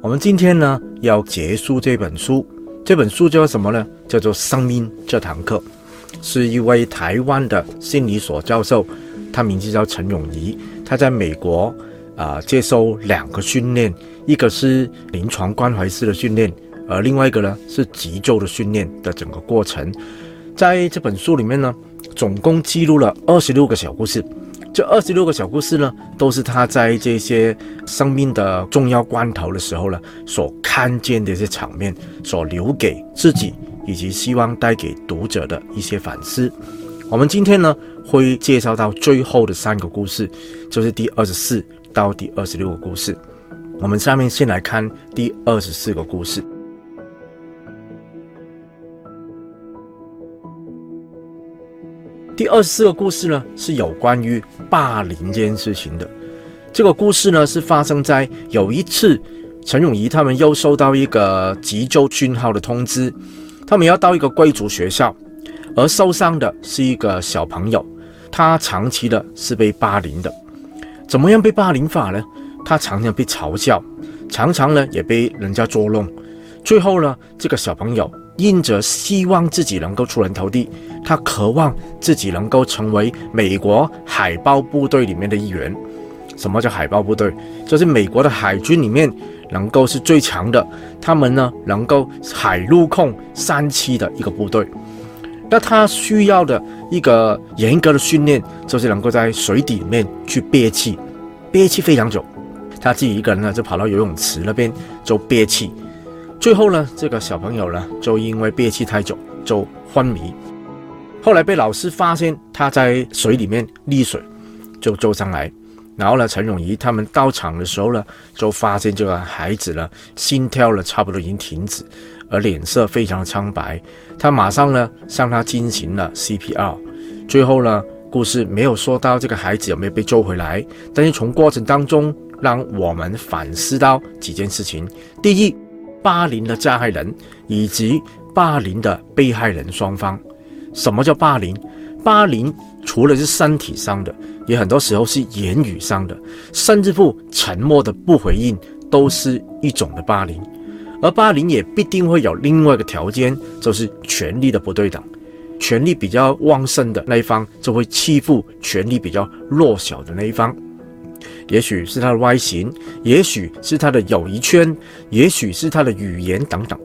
我們今天呢，要結束這本書，這本書叫什麼呢？叫做《生命這堂課》，是一位台灣的心理所教授，他名字叫陳永儀。他在美國啊，呃，接受兩個訓練，一個是臨床關懷式的訓練，而另外一個呢是急救的訓練的整個過程。在這本書裡面呢，總共記錄了二十六個小故事。這二十六個小故事呢，都是他在這些生命的重要關頭的時候呢，所看見的一些場面，所留給自己，以及希望帶給讀者的一些反思。我們今天呢，會介紹到最後的三個故事，就是第二十四到第二十六個故事。我們下面先來看第二十四個故事。第二十四個故事呢，是有關於霸凌這件事情的。這個故事呢，是發生在有一次，陳永儀他們又收到一個急救訊號的通知，他們要到一個貴族學校。而受傷的是一個小朋友，他長期的是被霸凌的。怎麼樣被霸凌法呢？他常常被嘲笑，常常呢也被人家捉弄。最後呢，這個小朋友。因著希望自己能夠出人頭地，他渴望自己能夠成為美國海豹部隊裡面的一員。什麼叫海豹部隊？就是美國的海軍裡面能夠是最強的，他們呢能夠海陸空三棲的一個部隊。那他需要的一個嚴格的訓練，就是能夠在水底裡面去憋氣，憋氣非常久。他自己一個人呢就跑到游泳池那邊就憋氣。最後呢，這個小朋友呢，就因為憋氣太久，就昏迷。後來被老師發現他在水裡面溺水，就救上來。然後呢，陳永儀他們到場的時候呢，就發現這個孩子呢，心跳了差不多已經停止，而臉色非常的蒼白。他馬上呢，向他進行了 CPR。最後呢，故事沒有說到這個孩子有沒有被救回來，但是從過程當中，讓我們反思到幾件事情：第一，霸凌的加害人以及霸凌的被害人雙方，什麼叫霸凌？霸凌除了是身體上的，也很多時候是言語上的，甚至乎沉默的不回應都是一種的霸凌。而霸凌也必定會有另外一個條件，就是權力的不對等，權力比較旺盛的那一方就會欺負權力比較弱小的那一方。也許是他的外形，也許是他的友誼圈，也許是他的語言等等，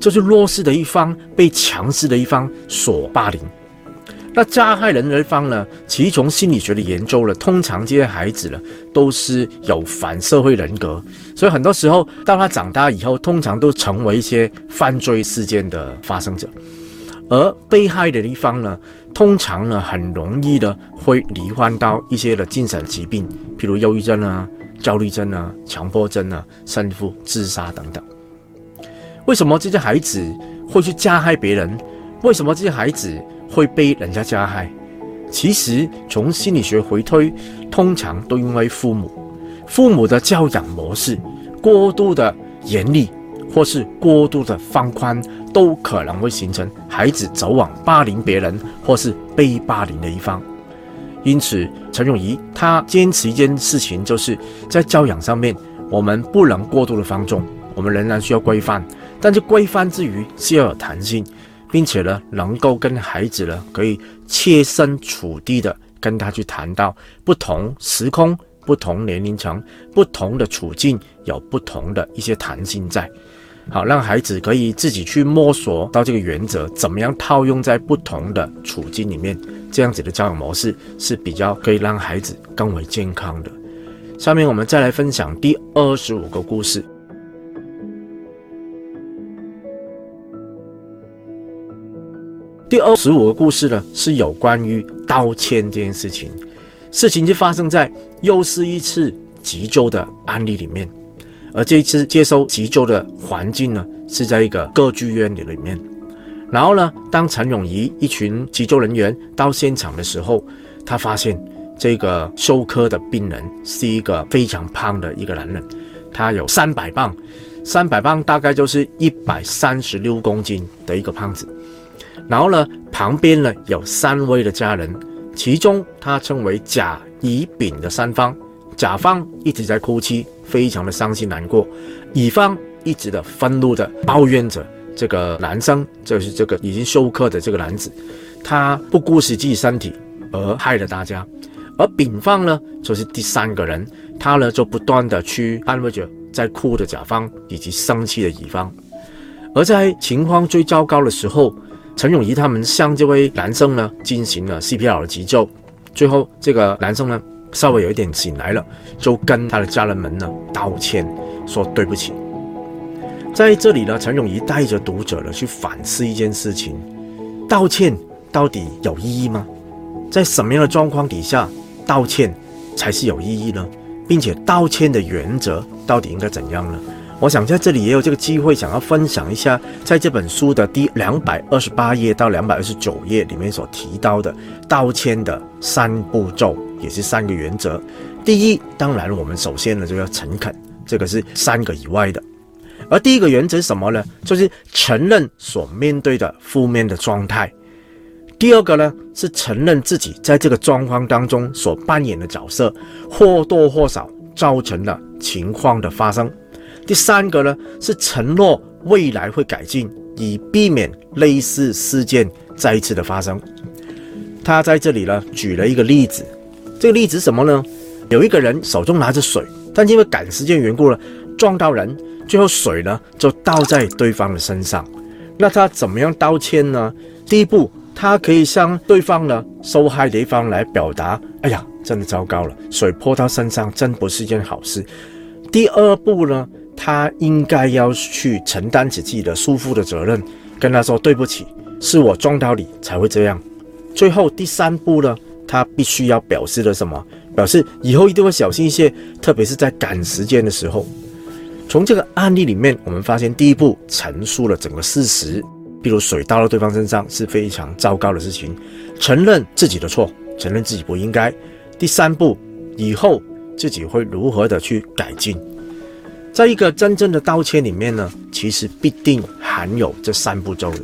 就是弱勢的一方被強勢的一方所霸凌。那加害人的一方呢？其實從心理學的研究呢，通常這些孩子呢都是有反社會人格，所以很多時候當他長大以後，通常都成為一些犯罪事件的發生者，而被害的一方呢？通常呢，很容易的會罹患到一些的精神疾病，譬如憂鬱症啊、焦慮症啊、強迫症啊、甚至乎自殺等等。為什麼這些孩子會去加害別人？為什麼這些孩子會被人家加害？其實從心理學回推，通常都因為父母、父母的教養模式過度的嚴厲，或是過度的放寬。都可能會形成孩子走往霸凌別人，或是被霸凌的一方。因此，陳永儀他堅持一件事情，就是在教養上面，我們不能過度的放縱，我們仍然需要規範。但是規範之餘是要有彈性，並且呢，能夠跟孩子呢，可以切身處地的跟他去談到不同時空、不同年齡層、不同的處境，有不同的一些彈性在。好，讓孩子可以自己去摸索到這個原則，怎麼樣套用在不同的處境裡面，這樣子的教育模式是比較可以讓孩子更為健康的。下面我們再來分享第二十五個故事。第二十五個故事呢，是有關於道歉這件事情，事情就發生在又是一次急救的案例裡面。而這一次接收急救的環境呢，是在一個歌劇院裡裡面。然後呢，當陳永儀一群急救人員到現場的時候，他發現這個休克的病人是一個非常胖的一個男人，他有三百磅，三百磅大概就是一百三十六公斤的一個胖子。然後呢，旁邊呢有三位的家人，其中他稱為甲、乙、丙的三方，甲方一直在哭泣。非常的傷心難過，乙方一直的憤怒的抱怨着這個男生，就是這個已經休克的這個男子，他不顧惜自己身體而害了大家，而丙方呢就是第三個人，他呢就不斷的去安慰着在哭的甲方以及生氣的乙方，而在情況最糟糕的時候，陳永儀他們向這位男生呢進行了 CPR 的急救，最後這個男生呢。稍微有一點醒來了，就跟他的家人們呢道歉，說對不起。在這裡呢，陳永儀帶着讀者呢去反思一件事情：道歉到底有意義嗎？在什麼樣的狀況底下道歉才是有意義呢？並且道歉的原則到底應該怎樣呢？我想在這裡也有這個機會想要分享一下，在這本書的第兩百二十八頁到兩百二十九頁裡面所提到的道歉的三步驟。也是三個原則。第一，當然，我們首先呢就要誠懇，這個是三個以外的。而第一個原則是什麼呢？就是承認所面對的負面的狀態。第二個呢是承認自己在這個狀況當中所扮演的角色，或多或少造成了情況的發生。第三個呢是承諾未來會改進，以避免類似事件再次的發生。他在這裡呢舉了一個例子。這個例子是什麼呢？有一個人手中拿着水，但因為趕時間緣故了，撞到人，最後水呢就倒在對方的身上。那他怎麼樣道歉呢？第一步，他可以向對方呢受害的一方來表達：“哎呀，真的糟糕了，水潑到身上真不是一件好事。”第二步呢，他應該要去承擔起自己的疏忽的責任，跟他說：“對不起，是我撞到你才會這樣。”最後第三步呢？他必須要表示的什麼？表示以後一定會小心一些，特別是在趕時間的時候。從這個案例裡面，我們發現第一步陳述了整個事實，比如水倒到對方身上是非常糟糕的事情，承認自己的錯，承認自己不應該。第三步，以後自己會如何的去改進？在一個真正的道歉裡面呢，其實必定含有這三步驟的。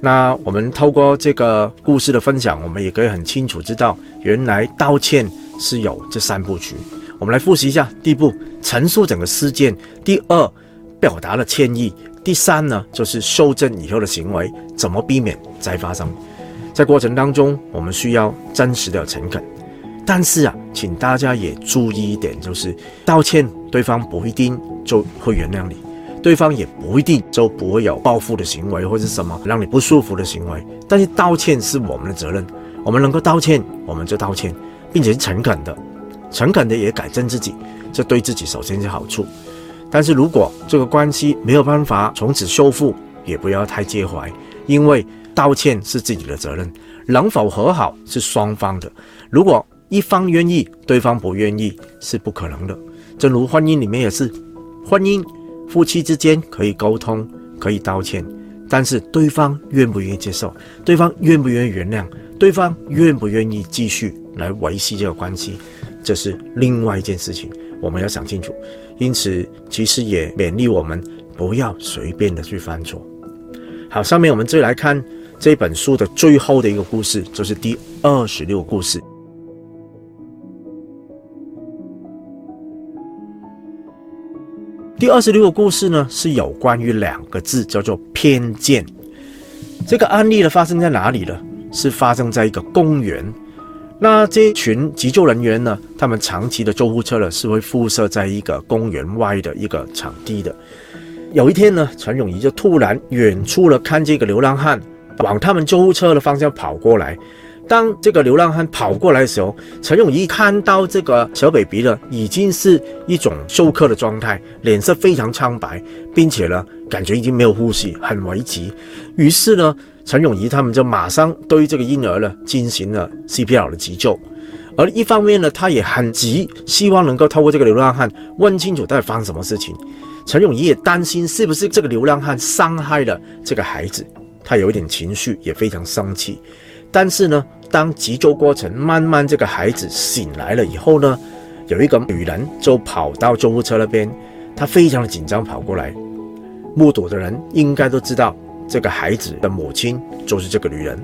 那我們透過這個故事的分享，我們也可以很清楚知道，原來道歉是有這三部曲。我們來複習一下：第一步，陳述整個事件；第二，表達了歉意；第三呢，就是修正以後的行為，怎麼避免再發生。在過程當中，我們需要真實的、誠懇。但是啊，請大家也注意一點，就是道歉對方不一定就會原諒你。對方也不一定就不會有報復的行為，或者什麼讓你不舒服的行為。但是道歉是我們的責任，我們能夠道歉，我們就道歉，並且是誠懇的，誠懇的也改正自己，這對自己首先是好處。但是如果這個關係沒有辦法從此修復，也不要太介懷，因為道歉是自己的責任，能否和好是雙方的。如果一方願意，對方不願意是不可能的。正如婚姻裡面也是，婚姻。夫妻之間可以溝通，可以道歉，但是對方願不願意接受，對方願不願意原諒，對方願不願意繼續來維繫這個關係，這是另外一件事情，我們要想清楚。因此，其實也勉勵我們不要隨便的去犯錯。好，下面我們再來看這本書的最後的一個故事，就是第二十六故事。第二十六個故事呢，是有關於兩個字，叫做偏見。這個案例呢，發生在哪裡呢？是發生在一個公園。那這群急救人員呢，他們長期的救護車呢，是會附設在一個公園外的一個場地的。有一天呢，陳永儀就突然遠處了，看見一個流浪漢往他們救護車的方向跑過來。當這個流浪漢跑過來的時候，陳永儀看到這個小 baby 呢，已經是一種休克的狀態，臉色非常蒼白，並且呢，感覺已經沒有呼吸，很危急。於是呢，陳永儀他們就馬上對這個嬰兒呢進行了 CPR 的急救。而一方面呢，他也很急，希望能夠透過這個流浪漢問清楚到底發生什麼事情。陳永儀也擔心是不是這個流浪漢傷害了這個孩子，他有一點情緒，也非常生氣。但是呢，當急救過程慢慢這個孩子醒來了以後呢，有一個女人就跑到救護車那邊，她非常的緊張跑過來。目睹的人應該都知道這個孩子的母親就是這個女人，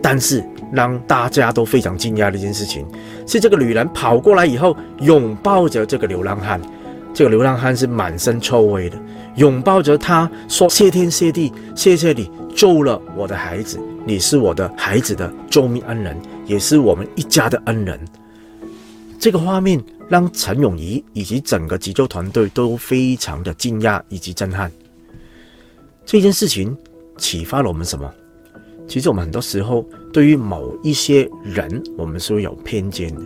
但是讓大家都非常驚訝的一件事情是這個女人跑過來以後，擁抱着這個流浪漢，這個流浪漢是滿身臭味的，擁抱着她說：“謝天謝地，謝謝你。”救了我的孩子，你是我的孩子的救命恩人，也是我們一家的恩人。這個畫面讓陳永儀以及整個急救團隊都非常的驚訝以及震撼。這件事情啟發了我們什麼？其實我們很多時候對於某一些人，我們是會有偏見的。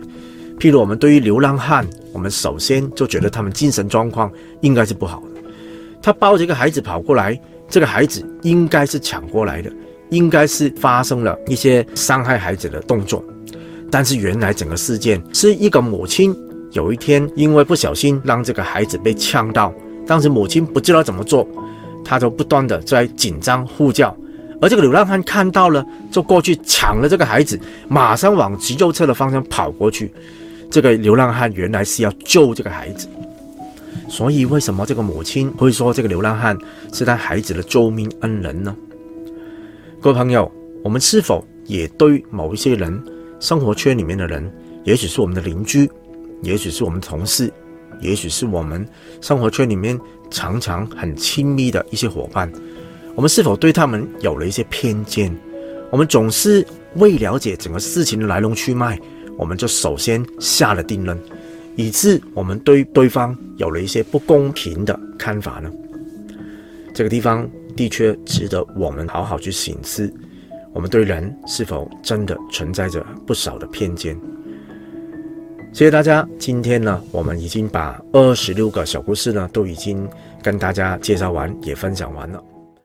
譬如，我們對於流浪漢，我們首先就覺得他們精神狀況應該是不好的。他抱着一個孩子跑過來。這個孩子應該是搶過來的，應該是發生了一些傷害孩子的動作。但是原來整個事件是一個母親有一天因為不小心讓這個孩子被嗆到，當時母親不知道怎麼做，她就不斷的在緊張呼叫。而這個流浪漢看到了，就過去搶了這個孩子，馬上往急救車的方向跑過去。這個流浪漢原來是要救這個孩子。所以，為什麼這個母親會說這個流浪漢是她孩子的救命恩人呢？各位朋友，我們是否也對某一些人、生活圈裡面的人，也許是我們的鄰居，也許是我們的同事，也許是我們生活圈裡面常常很親密的一些伙伴，我們是否對他們有了一些偏見？我們總是未了解整個事情的來龍去脈，我們就首先下了定論。以致我們對對方有了一些不公平的看法呢？這個地方的確值得我們好好去審視，我們對人是否真的存在着不少的偏見。謝謝大家，今天呢，我們已經把二十六個小故事呢，都已經跟大家介紹完，也分享完了。